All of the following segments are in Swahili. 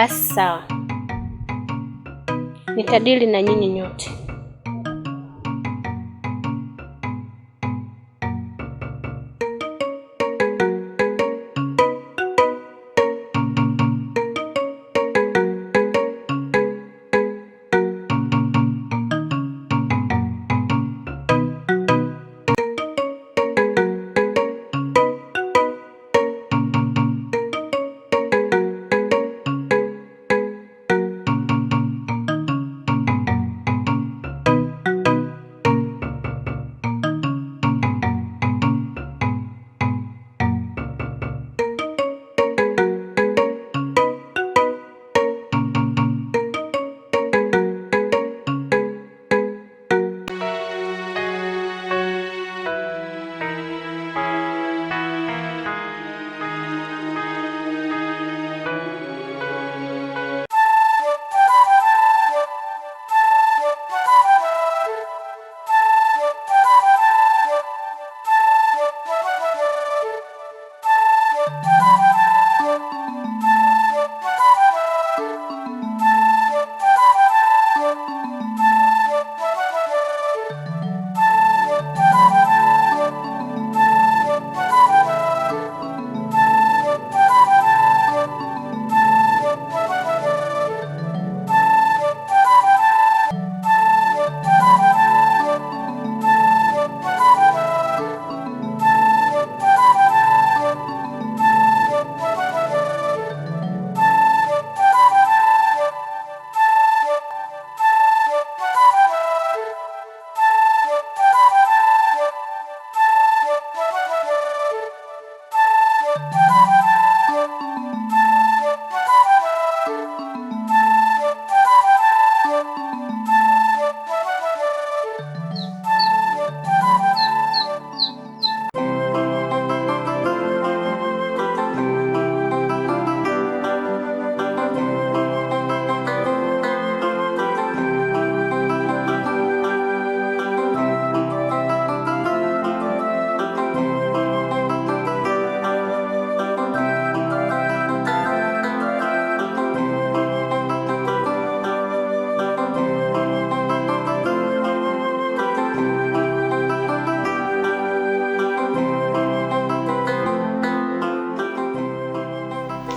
Basi sawa, nitadili na nyinyi nyote.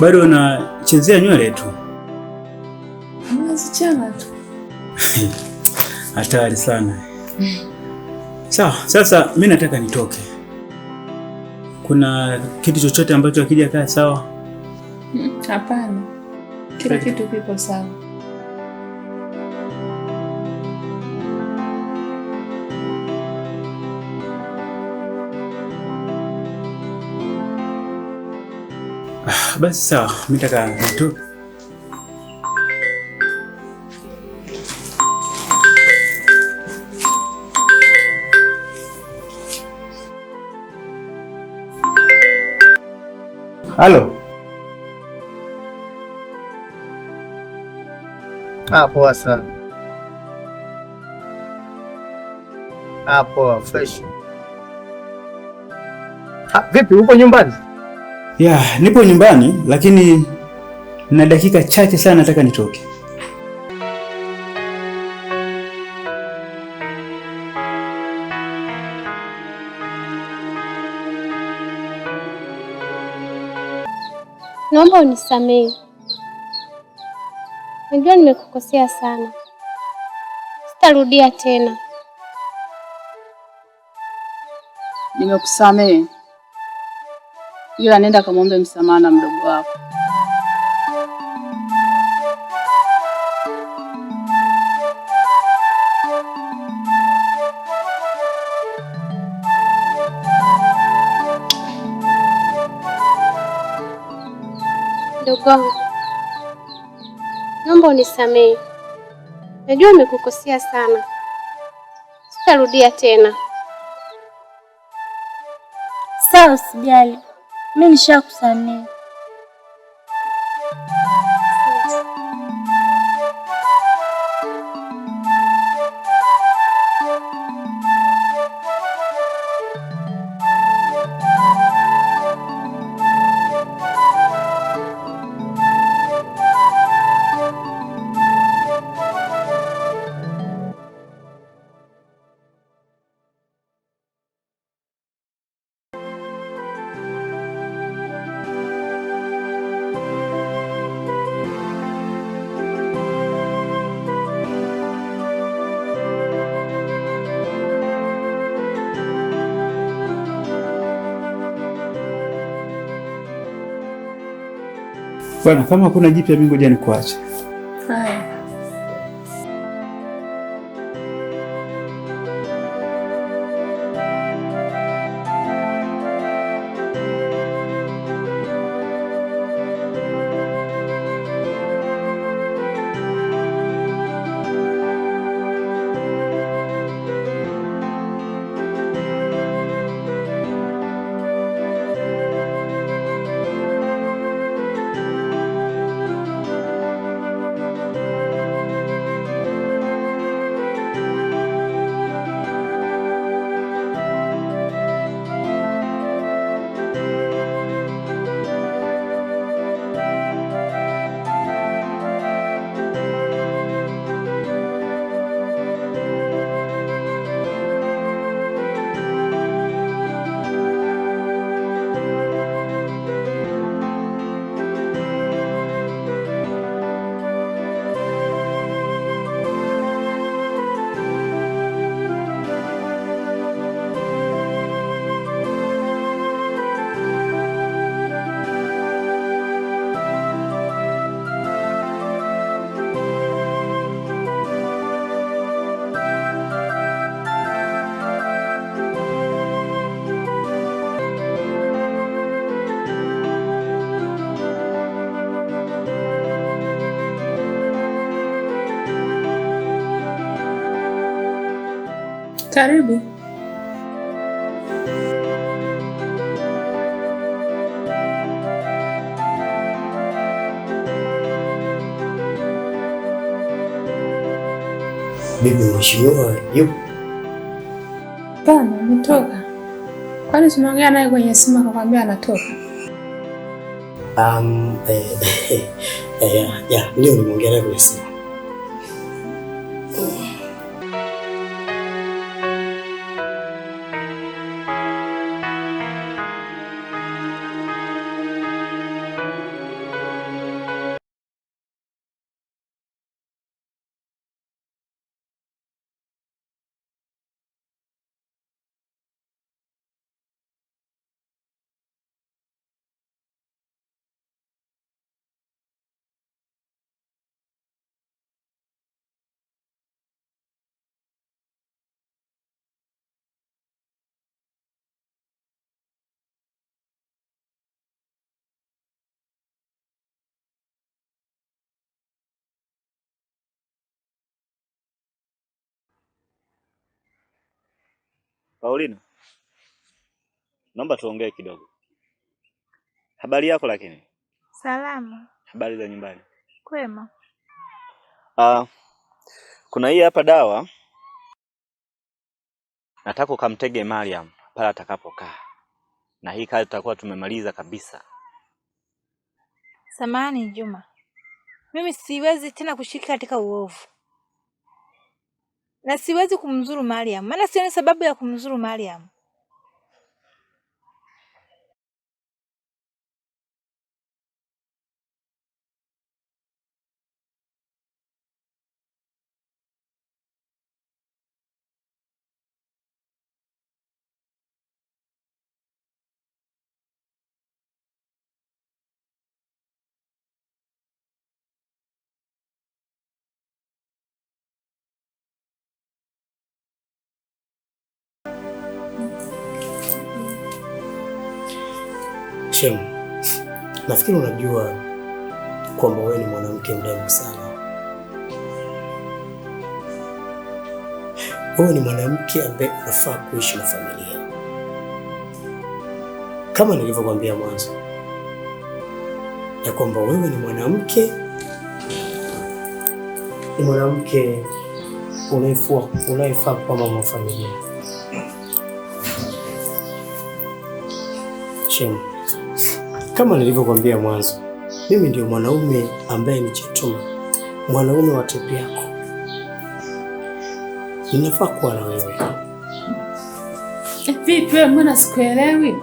bado unachezea nywele tu, unazichana tu hatari sana. Sawa, sasa mi nataka nitoke. Kuna kitu chochote ambacho akija kaa sawa? Hapana, kila kitu kipo sawa. Ah, basi sawa, mimi nataka tu Halo. Ah, poa sana. Ah, poa fresh. Ah, vipi uko nyumbani? Ya, nipo nyumbani lakini na dakika chache sana nataka nitoke. Naomba unisamehe. Najua nimekukosea sana. Sitarudia tena. Nimekusamehe ila nenda kamwombe msamaha na mdogo wako. Mdogo wangu, naomba unisamehe, najua nimekukosea sana, sitarudia tena. Sawa, usijali. Mimi nishakusamehe. Bwana, kama hakuna jipya mbinguni, kuacha Karibu. Bibi mheshimiwa yupo? Pana ametoka. Kwani tunaongea naye kwenye simu akakwambia anatoka? Um, eh, eh, eh, ya, ndio nimeongea naye kwenye simu. Paulina, naomba tuongee kidogo. Habari yako? Lakini salama. Habari za nyumbani? Kwema. Uh, kuna hii hapa dawa nataka ukamtege Mariam pale atakapokaa, na hii kazi tutakuwa tumemaliza kabisa. samani Juma, mimi siwezi tena kushiriki katika uovu na siwezi kumzuru Mariam, maana sioni sababu ya kumzuru Mariam. Chem, nafikiri unajua kwamba wewe ni mwanamke mrembo sana. Wewe ni mwanamke ambaye unafaa kuishi na familia. Kama nilivyokuambia mwanzo, ya kwamba wewe ni mwanamke ni mwanamke unayefaa kuwa mama familia Chemu, kama nilivyokuambia mwanzo, mimi ndio mwanaume ambaye ni chetuma, mwanaume wa tope yako. Ninafaa kuwa na wewe. Eh, vipi wewe, mbona sikuelewi?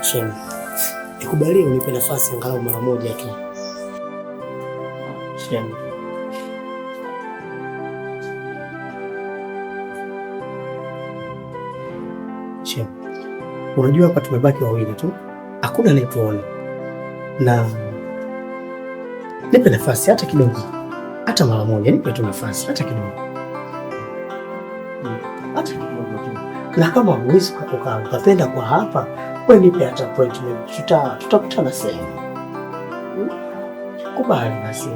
Shem, nikubalie unipe nafasi angalau mara moja tu. Shem. Unajua, hapa tumebaki wawili tu, hakuna anayetuona, na nipe nafasi hata kidogo, hata mara moja, nipe tu nafasi hata kidogo, hata kidogo. Na kama huwezi ukapenda kwa hapa, we nipe hata appointment, tutakutana sehemu. Kubali basi,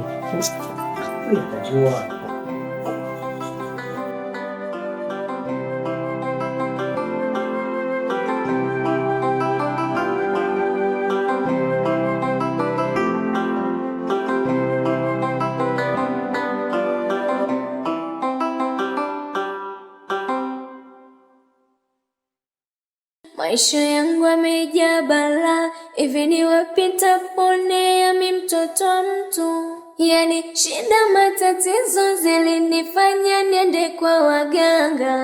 utajua Maisha yangu yamejaa balaa, hivi niwepitapo mi mtoto wa mtu. Yani shida matatizo zilinifanya niende kwa waganga.